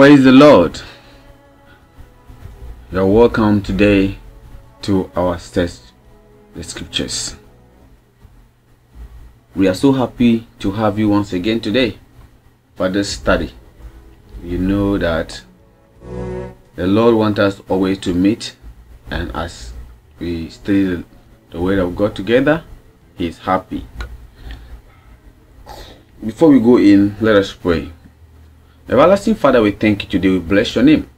Praise the Lord. You're welcome today to our test the scriptures. We are so happy to have you once again today for this study. You know that the Lord wants us always to meet and as we study the word of God together, He is happy. Before we go in, let us pray. Everlasting Father, we thank you today. We bless your name.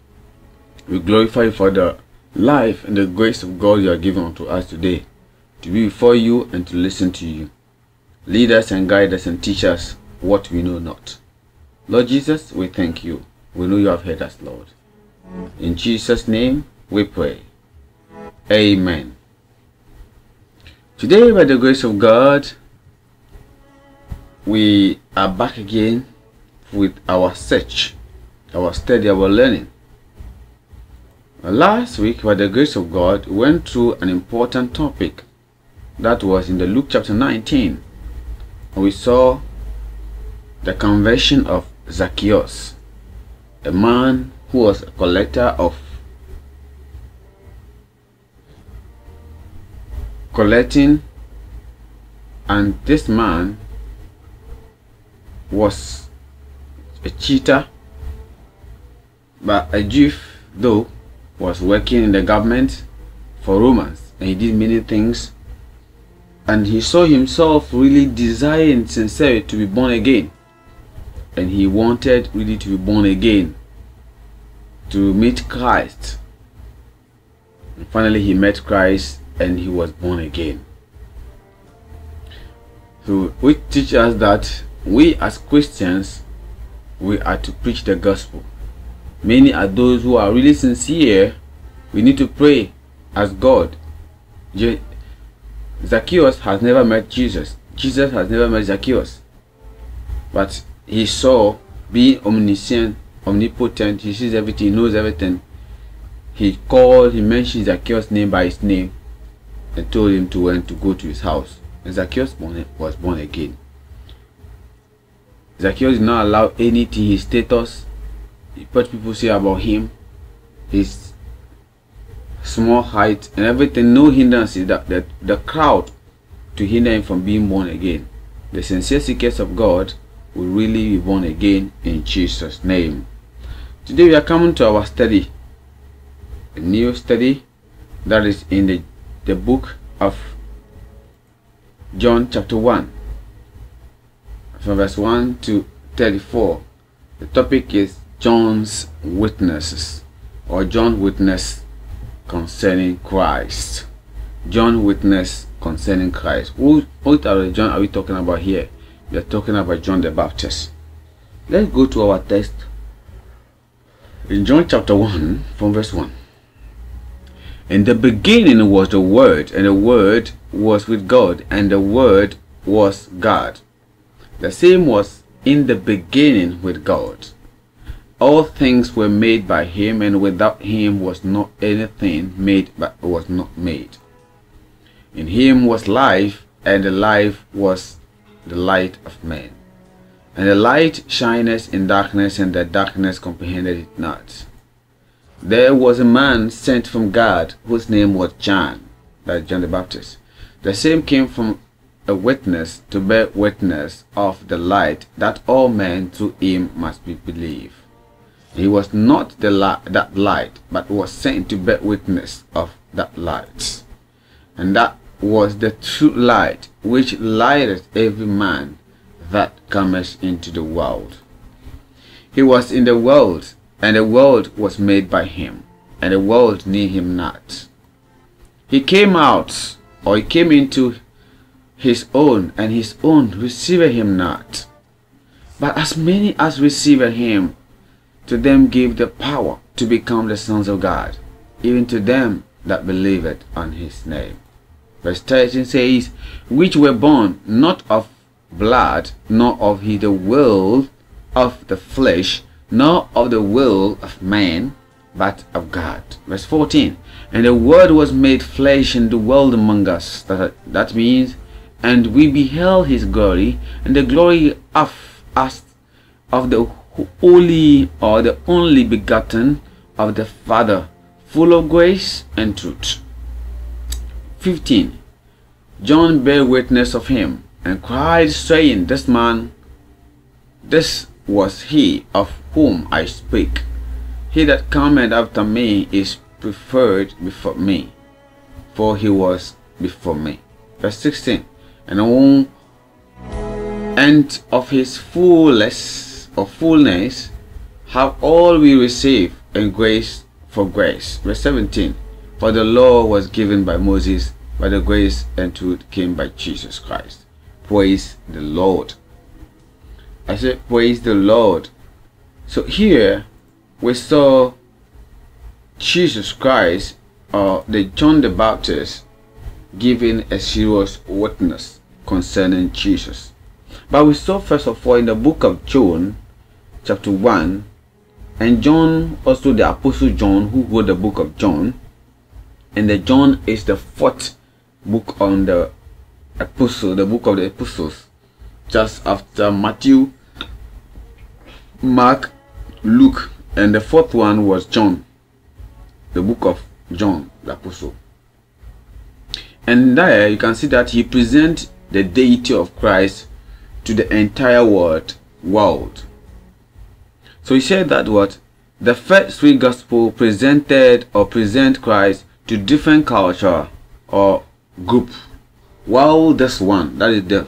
We glorify you for the life and the grace of God you are giving unto us today to be before you and to listen to you. Lead us and guide us and teach us what we know not. Lord Jesus, we thank you. We know you have heard us, Lord. In Jesus' name we pray. Amen. Today, by the grace of God, we are back again with our search, our study, our learning. Last week, by the grace of God, went through an important topic that was in the Luke chapter 19. We saw the conversion of Zacchaeus, a man who was a collector of collecting and this man was a cheater, but a Jew, though, was working in the government for Romans and he did many things. And he saw himself really desiring sincerely to be born again. And he wanted really to be born again, to meet Christ. And finally, he met Christ and he was born again. So, which teaches us that we as Christians we are to preach the gospel. Many are those who are really sincere. We need to pray as God. Je Zacchaeus has never met Jesus. Jesus has never met Zacchaeus. But he saw being omniscient, omnipotent, he sees everything, he knows everything. He called, he mentioned Zacchaeus' name by his name and told him to went to go to his house. And Zacchaeus was born again. Zacchaeus did not allow anything, his status, what people say about him, his small height and everything, no hindrances that, that the crowd to hinder him from being born again. The sincere seekers of God will really be born again in Jesus' name. Today we are coming to our study, a new study that is in the, the book of John chapter 1 from verse 1 to 34. The topic is John's witnesses or John witness concerning Christ. John witness concerning Christ. Who, what are John are we talking about here? We are talking about John the Baptist. Let's go to our text in John chapter 1 from verse 1. In the beginning was the Word, and the Word was with God, and the Word was God. The same was in the beginning with God. All things were made by him, and without him was not anything made but was not made. In him was life, and the life was the light of men. And the light shineth in darkness, and the darkness comprehended it not. There was a man sent from God, whose name was John, that John the Baptist. The same came from a witness to bear witness of the light that all men to him must be believe. He was not the light, that light, but was sent to bear witness of that light. And that was the true light which lighteth every man that cometh into the world. He was in the world, and the world was made by him, and the world knew him not. He came out, or he came into his own, and his own received him not. But as many as received him, to them gave the power to become the sons of God, even to them that believed on his name. Verse 13 says, Which were born not of blood, nor of the will of the flesh, nor of the will of man, but of God. Verse 14, And the Word was made flesh and dwelled among us. That, that means and we beheld his glory, and the glory of us of the holy or the only begotten of the Father, full of grace and truth. 15. John bare witness of him, and cried, saying, This man, this was he of whom I speak. He that cometh after me is preferred before me, for he was before me. Verse 16 and all and of his fullness of fullness have all we receive in grace for grace verse 17 for the law was given by moses but the grace and truth came by jesus christ praise the lord i said praise the lord so here we saw jesus christ or uh, the john the baptist giving a serious witness concerning Jesus. But we saw first of all in the book of John, chapter 1, and John, also the Apostle John, who wrote the book of John, and the John is the fourth book on the epistle, the book of the Apostles, just after Matthew, Mark, Luke, and the fourth one was John, the book of John, the apostle. And there you can see that he present the deity of Christ to the entire world. world. So he said that what? The first three gospel presented or present Christ to different culture or group. While this one, that is the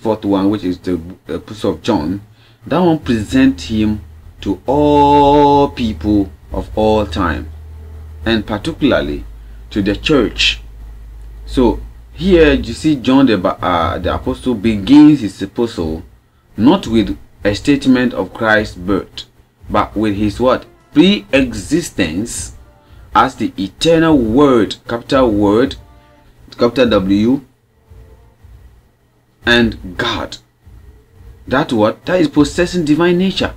fourth one, which is the Apostle of John, that one present him to all people of all time and particularly to the church so here you see John the, uh, the Apostle begins his epistle not with a statement of Christ's birth, but with his what? Pre-existence as the eternal word, capital word, capital W, and God. That what? That is possessing divine nature,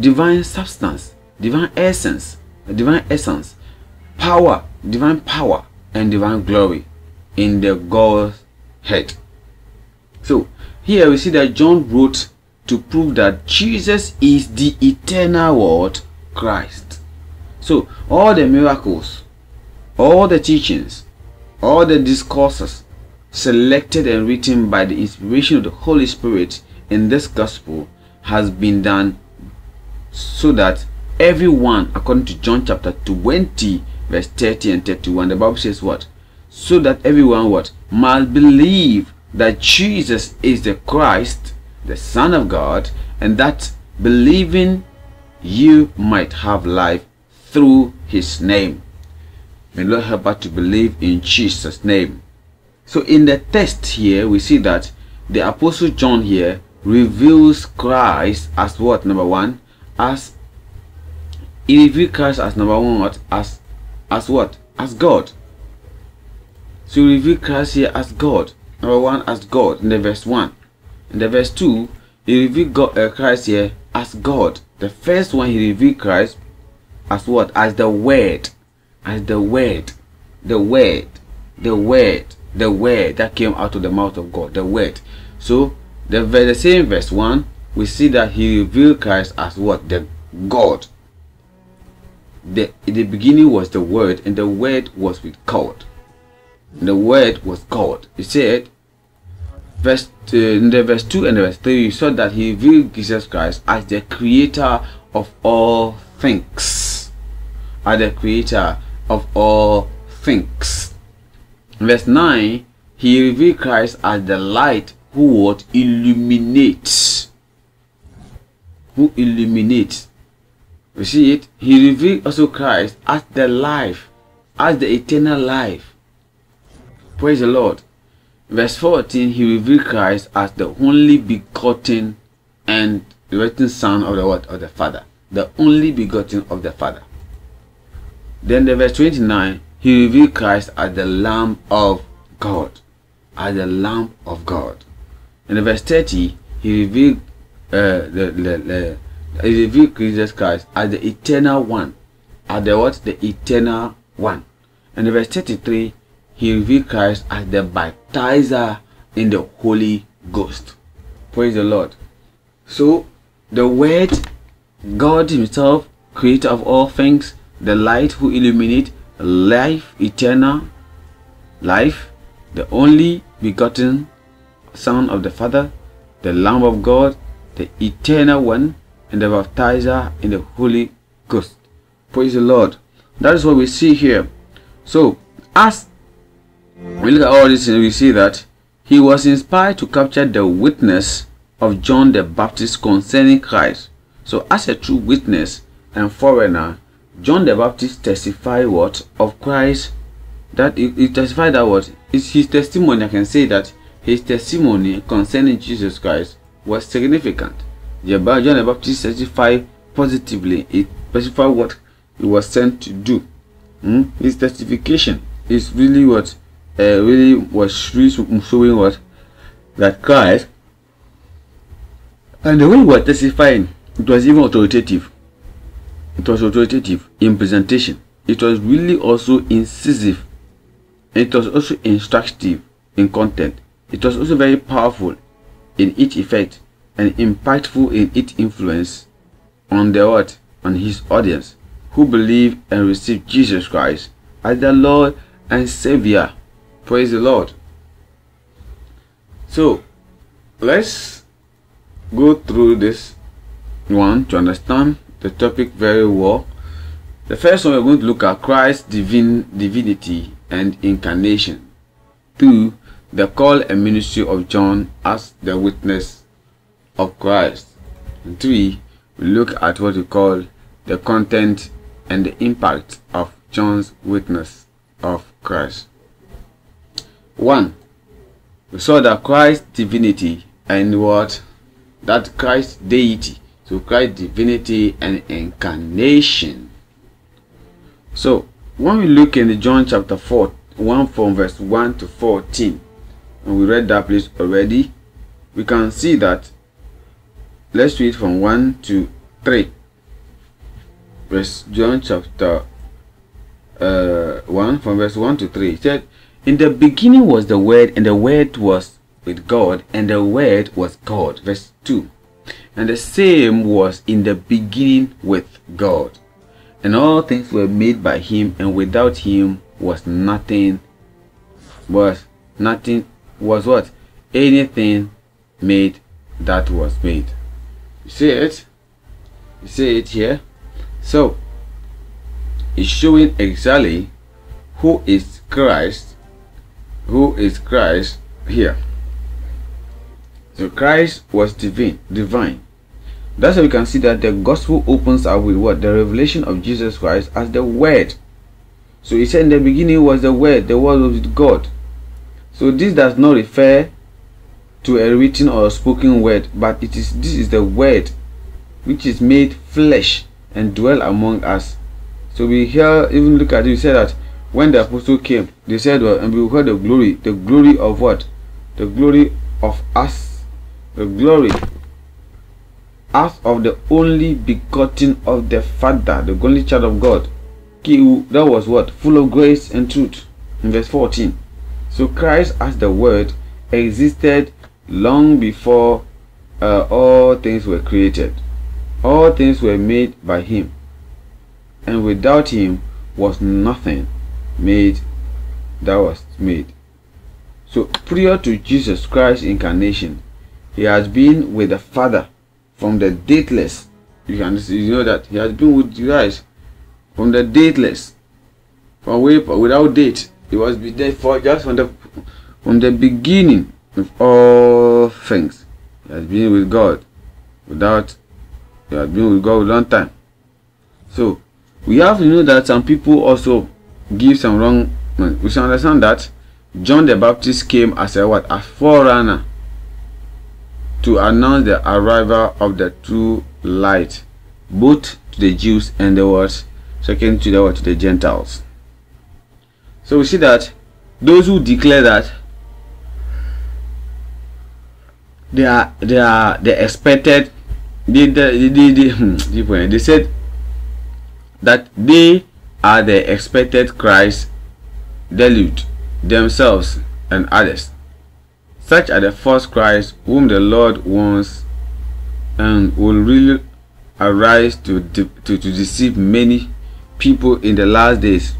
divine substance, divine essence, divine essence, power, divine power, and divine glory in the God's head. So here we see that John wrote to prove that Jesus is the eternal word, Christ. So all the miracles, all the teachings, all the discourses selected and written by the inspiration of the Holy Spirit in this gospel has been done so that everyone, according to John chapter 20, verse 30 and 31, the Bible says what? so that everyone what must believe that Jesus is the Christ, the Son of God, and that believing you might have life through his name. May Lord help us to believe in Jesus' name. So in the text here, we see that the Apostle John here reveals Christ as what? Number one, as he reveals Christ as number one, what? As, as what? As God. So we reveal Christ here as God. Number one, as God in the verse 1. In the verse 2, he revealed God, uh, Christ here as God. The first one, he revealed Christ as what? As the Word. As the Word. The Word. The Word. The Word that came out of the mouth of God. The Word. So, the, the same verse 1, we see that he revealed Christ as what? The God. The, the beginning was the Word, and the Word was with God the word was God. He said, verse uh, in the verse 2 and verse 3 you saw that he revealed jesus christ as the creator of all things as the creator of all things verse 9 he revealed christ as the light who would illuminate who illuminates you see it he revealed also christ as the life as the eternal life Praise the Lord. Verse 14, he revealed Christ as the only begotten and only son of the what? Of the Father. The only begotten of the Father. Then the verse 29, he revealed Christ as the Lamb of God. As the Lamb of God. In the verse 30, he revealed uh, the, the, the, he revealed Jesus Christ as the eternal one. As the what? The eternal one. In the verse 33, he revealed Christ as the baptizer in the Holy Ghost. Praise the Lord. So, the Word, God Himself, creator of all things, the light who illuminate life eternal, life, the only begotten Son of the Father, the Lamb of God, the eternal one, and the baptizer in the Holy Ghost. Praise the Lord. That is what we see here. So, as when you look at all this, we see that he was inspired to capture the witness of John the Baptist concerning Christ. So as a true witness and foreigner, John the Baptist testified what? Of Christ. That he, he testified that what? his testimony, I can say that his testimony concerning Jesus Christ was significant. The John the Baptist testified positively. He testified what he was sent to do. Hmm? His testification is really what uh, really was really showing us that Christ and the way we were testifying, it was even authoritative. It was authoritative in presentation. It was really also incisive. It was also instructive in content. It was also very powerful in its effect and impactful in its influence on the what? On his audience who believe and receive Jesus Christ as their Lord and Savior. Praise the Lord. So, let's go through this one to understand the topic very well. The first one we're going to look at Christ's divine divinity and incarnation. Two, the call and ministry of John as the witness of Christ. And three, we look at what we call the content and the impact of John's witness of Christ. 1. We saw that Christ divinity and what? That Christ deity. So Christ divinity and incarnation. So when we look in the John chapter 4, 1 from verse 1 to 14, and we read that place already, we can see that. Let's read from 1 to 3. Verse John chapter uh, 1 from verse 1 to 3. It said, in the beginning was the Word, and the Word was with God, and the Word was God. Verse 2. And the same was in the beginning with God. And all things were made by him, and without him was nothing, was nothing, was what? Anything made that was made. You see it? You see it here? So, it's showing exactly who is Christ who is Christ here. So Christ was divine. divine. That's how we can see that the gospel opens up with what? The revelation of Jesus Christ as the Word. So he said in the beginning was the Word, the Word was with God. So this does not refer to a written or a spoken word, but it is this is the Word which is made flesh and dwell among us. So we here even look at it, we say that when the apostle came, they said, well, and we heard the glory, the glory of what? The glory of us, the glory as of the only begotten of the Father, the only child of God. That was what? Full of grace and truth. In verse 14. So Christ as the Word existed long before uh, all things were created. All things were made by Him. And without Him was nothing made that was made. So prior to Jesus Christ's incarnation, he has been with the Father from the dateless. You can you know that he has been with you guys from the dateless, from way without date. He was there for just from the from the beginning of all things. He has been with God without he has been with God a long time. So we have to know that some people also give some wrong we should understand that john the baptist came as a what a forerunner to announce the arrival of the true light both to the jews and the world second to the word to the gentiles so we see that those who declare that they are they are they expected they they they, they, hmm, they, they said that they are the expected Christ delude themselves and others. Such are the false Christ whom the Lord wants and will really arise to, de to, to deceive many people in the last days.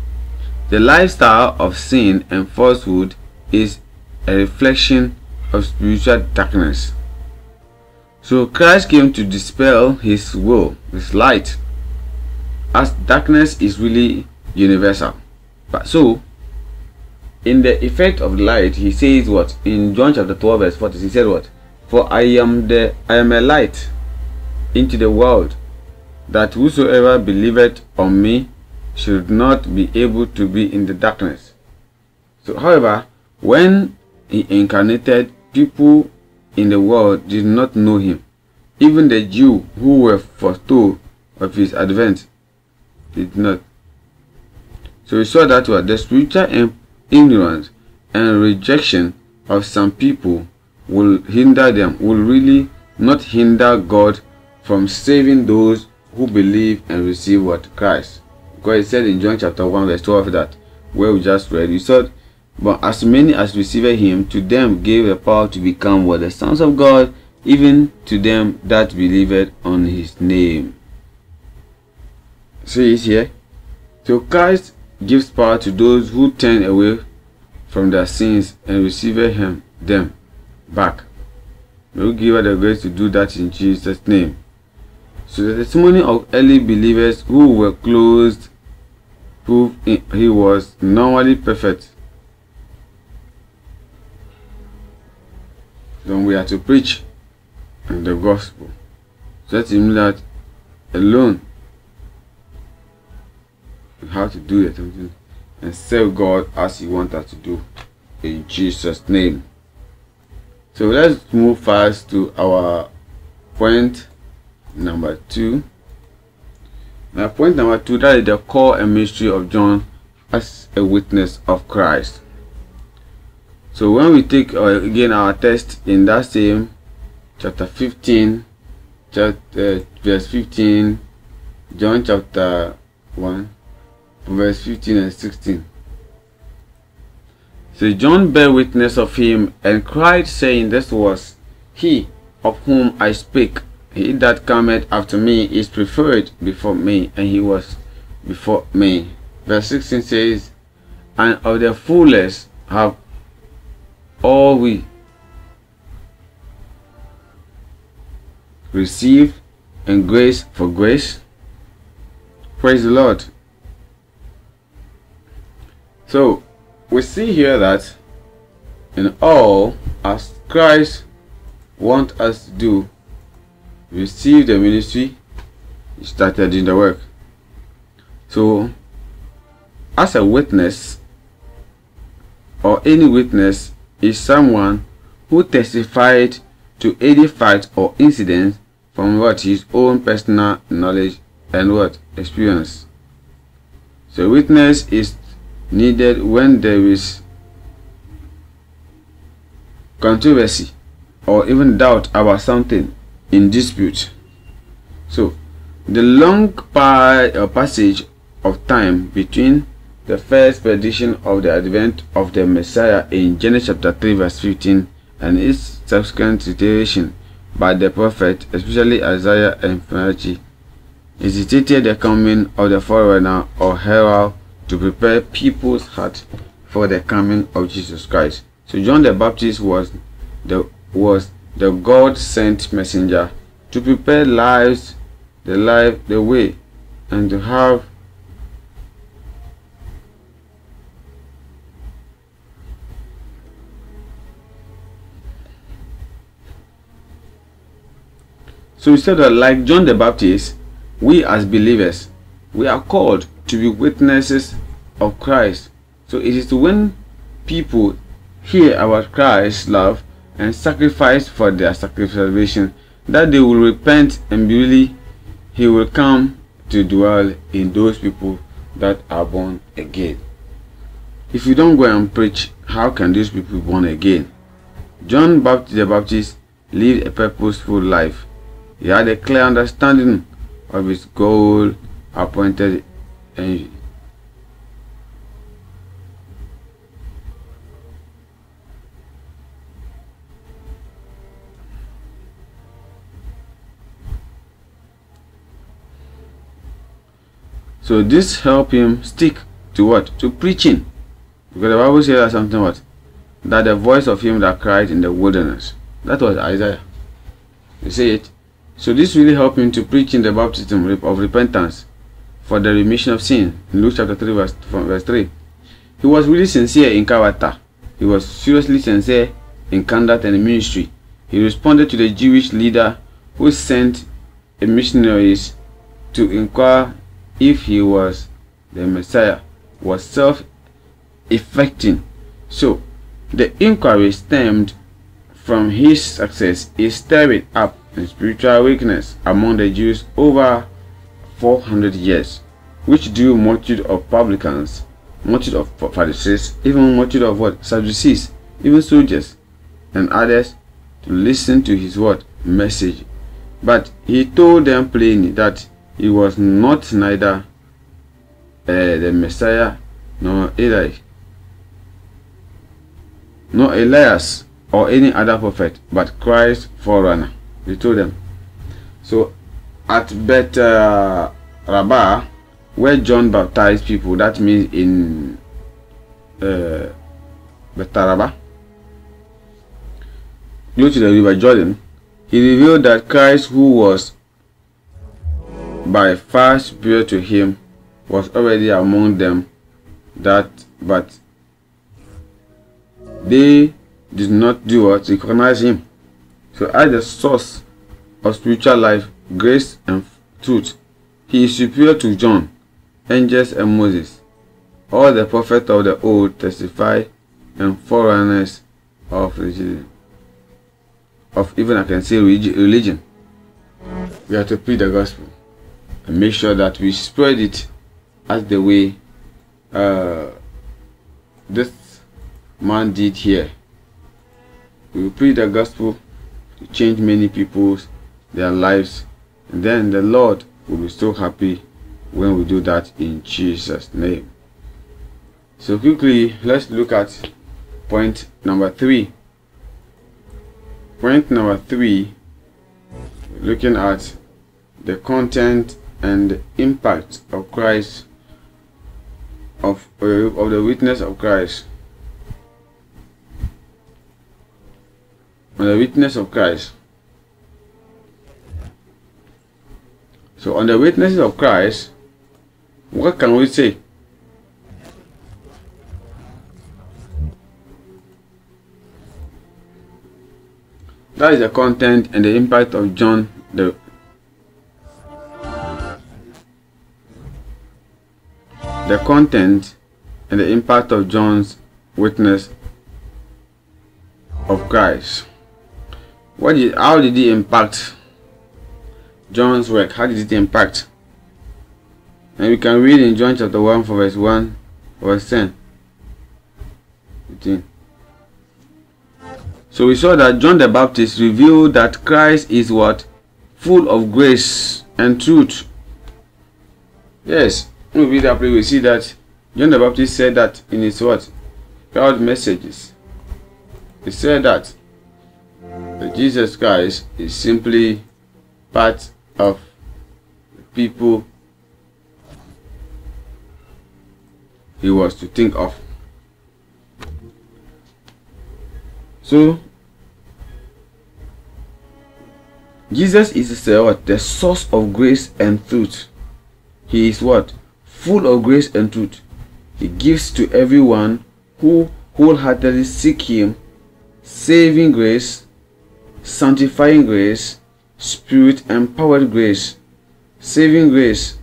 The lifestyle of sin and falsehood is a reflection of spiritual darkness. So Christ came to dispel his will, his light, as darkness is really universal but so in the effect of light he says what in john chapter 12 verse 40 he said what for i am the i am a light into the world that whosoever believeth on me should not be able to be in the darkness so however when he incarnated people in the world did not know him even the jew who were foretold of his advent did not. So we saw that what the spiritual ignorance and rejection of some people will hinder them, will really not hinder God from saving those who believe and receive what Christ. Because it said in John chapter 1 verse 12 that where we just read, we said, But as many as received him, to them gave the power to become what the sons of God, even to them that believed on his name. So it's here. Eh, so Christ gives power to those who turn away from their sins and receive him them back. May we give her the grace to do that in Jesus' name. So the testimony of early believers who were closed prove he was normally perfect. Then we are to preach the gospel. So that means that alone how to do it and serve God as you want us to do in Jesus name. So let's move fast to our point number two. Now point number two that is the core and mystery of John as a witness of Christ. So when we take uh, again our text in that same chapter 15 chapter, uh, verse 15 John chapter 1 verse 15 and 16. So John bare witness of him and cried, saying, This was he of whom I speak. He that cometh after me is preferred before me, and he was before me. Verse 16 says, And of the fullest have all we received, and grace for grace. Praise the Lord. So we see here that in all as Christ want us to do receive the ministry started in the work. So as a witness or any witness is someone who testified to any fact or incident from what his own personal knowledge and what experience. So witness is needed when there is controversy or even doubt about something in dispute. So, the long uh, passage of time between the first prediction of the advent of the Messiah in Genesis chapter 3 verse 15 and its subsequent iteration by the prophet, especially Isaiah and Malachi, is stated the coming of the forerunner or herald to prepare people's heart for the coming of Jesus Christ. So John the Baptist was the was the God sent messenger to prepare lives, the life, the way, and to have So instead of like John the Baptist, we as believers, we are called to be witnesses of Christ. So it is when people hear about Christ's love and sacrifice for their salvation that they will repent and believe he will come to dwell in those people that are born again. If you don't go and preach, how can these people be born again? John Baptist the Baptist lived a purposeful life. He had a clear understanding of his goal appointed and So this helped him stick to what? To preaching. Because the Bible says something what? That the voice of him that cried in the wilderness. That was Isaiah. You see it? So this really helped him to preach in the baptism of repentance for the remission of sin. In Luke chapter 3 verse, from verse 3. He was really sincere in character. He was seriously sincere in conduct and in ministry. He responded to the Jewish leader who sent missionaries to inquire if he was the Messiah, was self effecting. So, the inquiry stemmed from his success is stirring up the spiritual weakness among the Jews over 400 years, which drew multitude of publicans, multitude of Pharisees, even multitude of what? Sadducees, even soldiers, and others to listen to his word message. But he told them plainly that he was not neither uh, the Messiah nor Eli, nor Elias or any other prophet, but Christ's forerunner. He told them. So at Beth uh, Rabbah, where John baptized people, that means in uh, eh, Beth Rabbah, close to the river Jordan, he revealed that Christ who was by far superior to him, was already among them, that but they did not do what recognize him. So as the source of spiritual life, grace and truth, he is superior to John, angels and Moses. All the prophets of the old testify and forerunners of religion. Of even I can say religion. We have to preach the gospel and make sure that we spread it as the way uh, this man did here. We will preach the gospel to change many people's their lives and then the Lord will be so happy when we do that in Jesus name. So quickly let's look at point number three. Point number three looking at the content and the impact of Christ of, uh, of the witness of Christ on the witness of Christ so on the witnesses of Christ what can we say that is the content and the impact of John the The content and the impact of John's witness of Christ. What did, how did it impact John's work? How did it impact? And we can read in John chapter 1 from verse 1 verse 10. 15. So we saw that John the Baptist revealed that Christ is what? Full of grace and truth. Yes. When we read that, we see that John the Baptist said that in his what? Proud messages. He said that Jesus Christ is simply part of people he was to think of. So, Jesus is the, what, the source of grace and truth. He is what? full of grace and truth. He gives to everyone who wholeheartedly seek Him saving grace, sanctifying grace, spirit empowered grace, saving grace,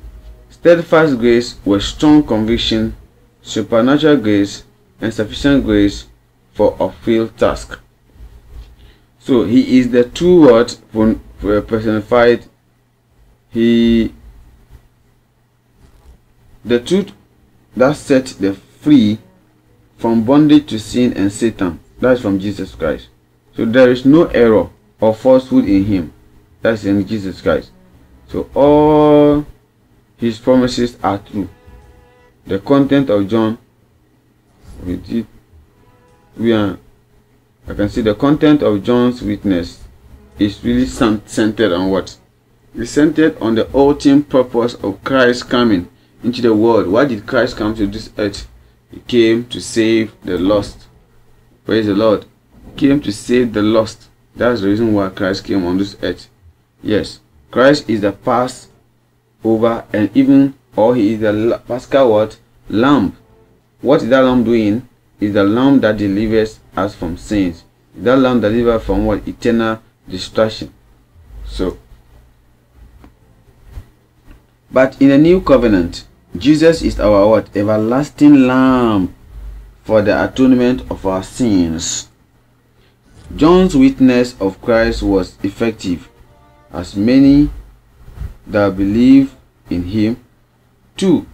steadfast grace with strong conviction, supernatural grace, and sufficient grace for a field task. So he is the true word personified. He the truth that set the free from bondage to sin and Satan. That is from Jesus Christ. So there is no error or falsehood in him. That is in Jesus Christ. So all his promises are true. The content of John, we are, I can see the content of John's witness is really centered on what? It's centered on the ultimate purpose of Christ's coming into the world. Why did Christ come to this earth? He came to save the lost. Praise the Lord. He came to save the lost. That's the reason why Christ came on this earth. Yes, Christ is the Passover and even, or he is the Paschal what? Lamb. What is that lamb doing? Is the lamb that delivers us from sins. Is that lamb delivers from what? Eternal destruction. So, but in the new covenant, Jesus is our what? Everlasting Lamb for the atonement of our sins. John's witness of Christ was effective, as many that believe in him. Two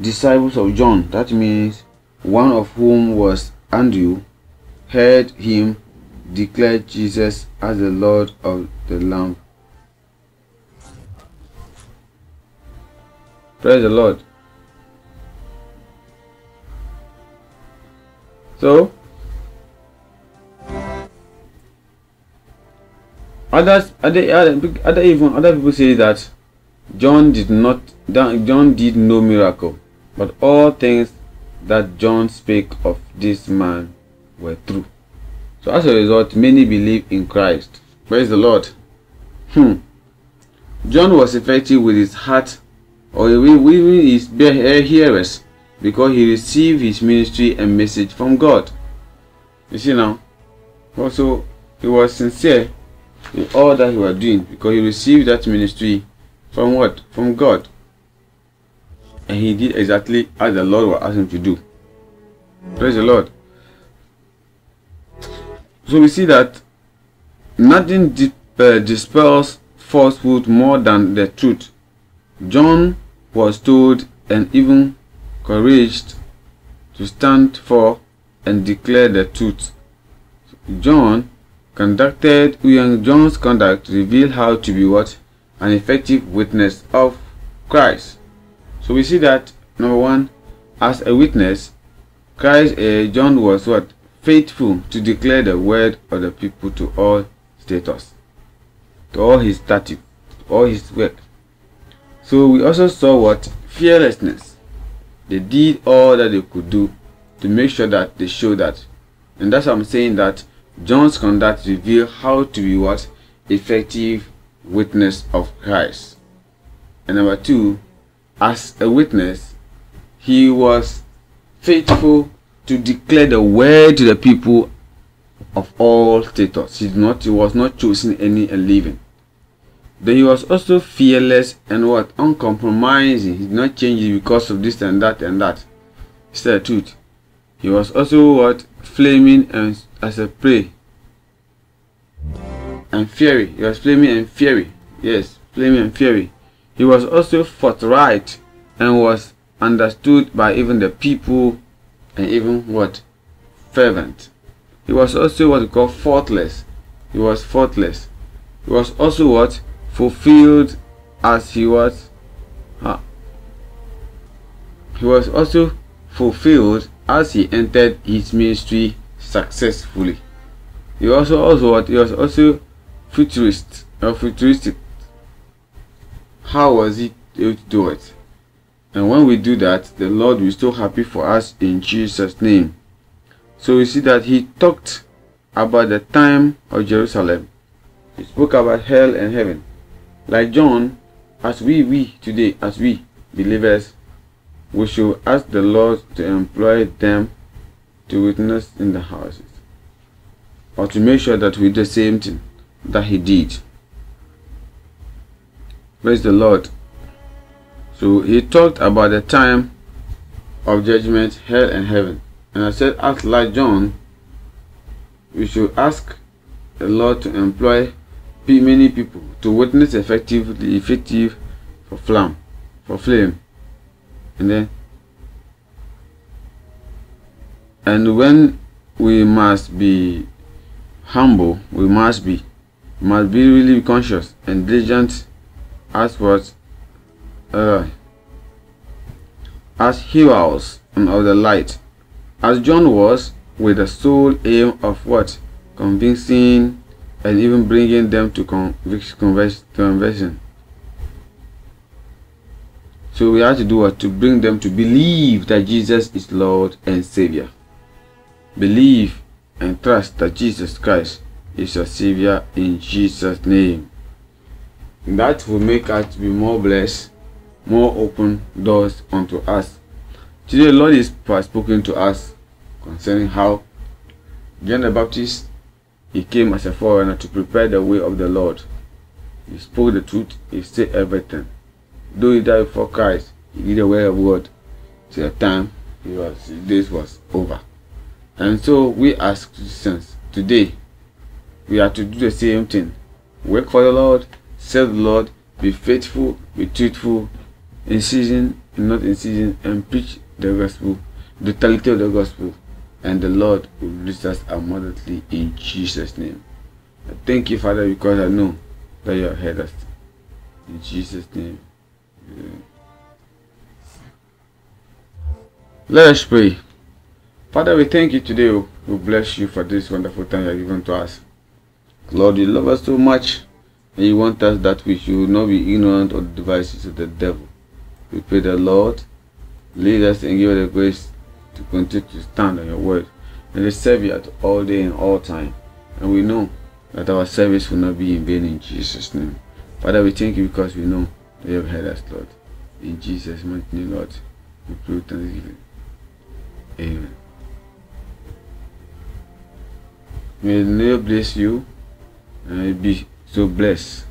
disciples of John, that means one of whom was Andrew, heard him declare Jesus as the Lord of the Lamb Praise the Lord. So, others, other, other, even other people say that John did not, John did no miracle, but all things that John spake of this man were true. So as a result, many believe in Christ. Praise the Lord. Hmm. John was effective with his heart or even his uh, hearers because he received his ministry and message from God. You see now? Also, he was sincere in all that he was doing because he received that ministry from what? From God. And he did exactly as the Lord was asking him to do. Praise the Lord. So we see that nothing uh, dispels falsehood more than the truth. John was told and even encouraged to stand for and declare the truth. John conducted John's conduct revealed how to be what an effective witness of Christ. So we see that number one, as a witness, Christ uh, John was what faithful to declare the word of the people to all status, to all his statute, all his work. So we also saw what? Fearlessness. They did all that they could do to make sure that they show that. And that's why I'm saying that John's conduct revealed how to be what? Effective witness of Christ. And number two, as a witness, he was faithful to declare the word to the people of all status. He, not, he was not choosing any and leaving. Then he was also fearless and what? Uncompromising. He did not change because of this and that and that. said the truth. He was also what? Flaming and as a prey. And fury. He was flaming and fury. Yes, flaming and fury. He was also forthright and was understood by even the people and even what? Fervent. He was also what we call faultless. He was faultless. He was also what? fulfilled as he was uh, he was also fulfilled as he entered his ministry successfully he also also what he was also futurist or futuristic how was he able to do it and when we do that the lord will still happy for us in jesus name so we see that he talked about the time of jerusalem he spoke about hell and heaven like John, as we, we today, as we believers, we should ask the Lord to employ them to witness in the houses, or to make sure that we do the same thing that He did. Praise the Lord. So he talked about the time of judgment, hell and heaven. And I said, ask like John, we should ask the Lord to employ many people to witness effectively effective for flame for flame and then and when we must be humble we must be must be really conscious and diligent as what uh, as heroes of the light as john was with the sole aim of what convincing and even bringing them to conversion. So we have to do what? To bring them to believe that Jesus is Lord and Savior. Believe and trust that Jesus Christ is your Savior in Jesus' name. That will make us be more blessed, more open doors unto us. Today, Lord is spoken to us concerning how John the Baptist he came as a foreigner to prepare the way of the Lord. He spoke the truth, he said everything. Though he died for Christ, he did the way of God. Till the time he was, this was over. And so we as Christians today, we are to do the same thing. Work for the Lord, serve the Lord, be faithful, be truthful, in season, not in season, and preach the gospel, the totality of the gospel and the Lord will bless us abundantly in Jesus' name. I thank you, Father, because I know that you have heard us. In Jesus' name. Let us pray. Father, we thank you today. We bless you for this wonderful time you have given to us. Lord, you love us so much and you want us that we should not be ignorant of the devices of the devil. We pray the Lord, lead us and give us the grace to continue to stand on your word and to serve you at all day and all time. And we know that our service will not be in vain in Jesus' name. Father, we thank you because we know that you have heard us, Lord. In Jesus' mighty name, Lord, we pray thanksgiving. Amen. May the Lord bless you and be so blessed.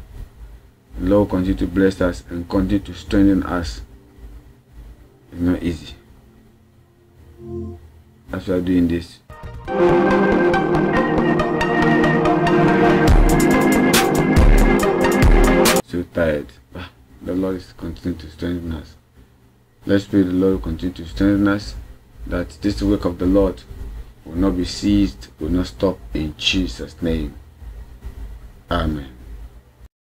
The Lord continue to bless us and continue to strengthen us. It's not easy as you are doing this. So tired. Ah, the Lord is continuing to strengthen us. Let's pray the Lord continue to strengthen us that this work of the Lord will not be ceased, will not stop in Jesus' name. Amen.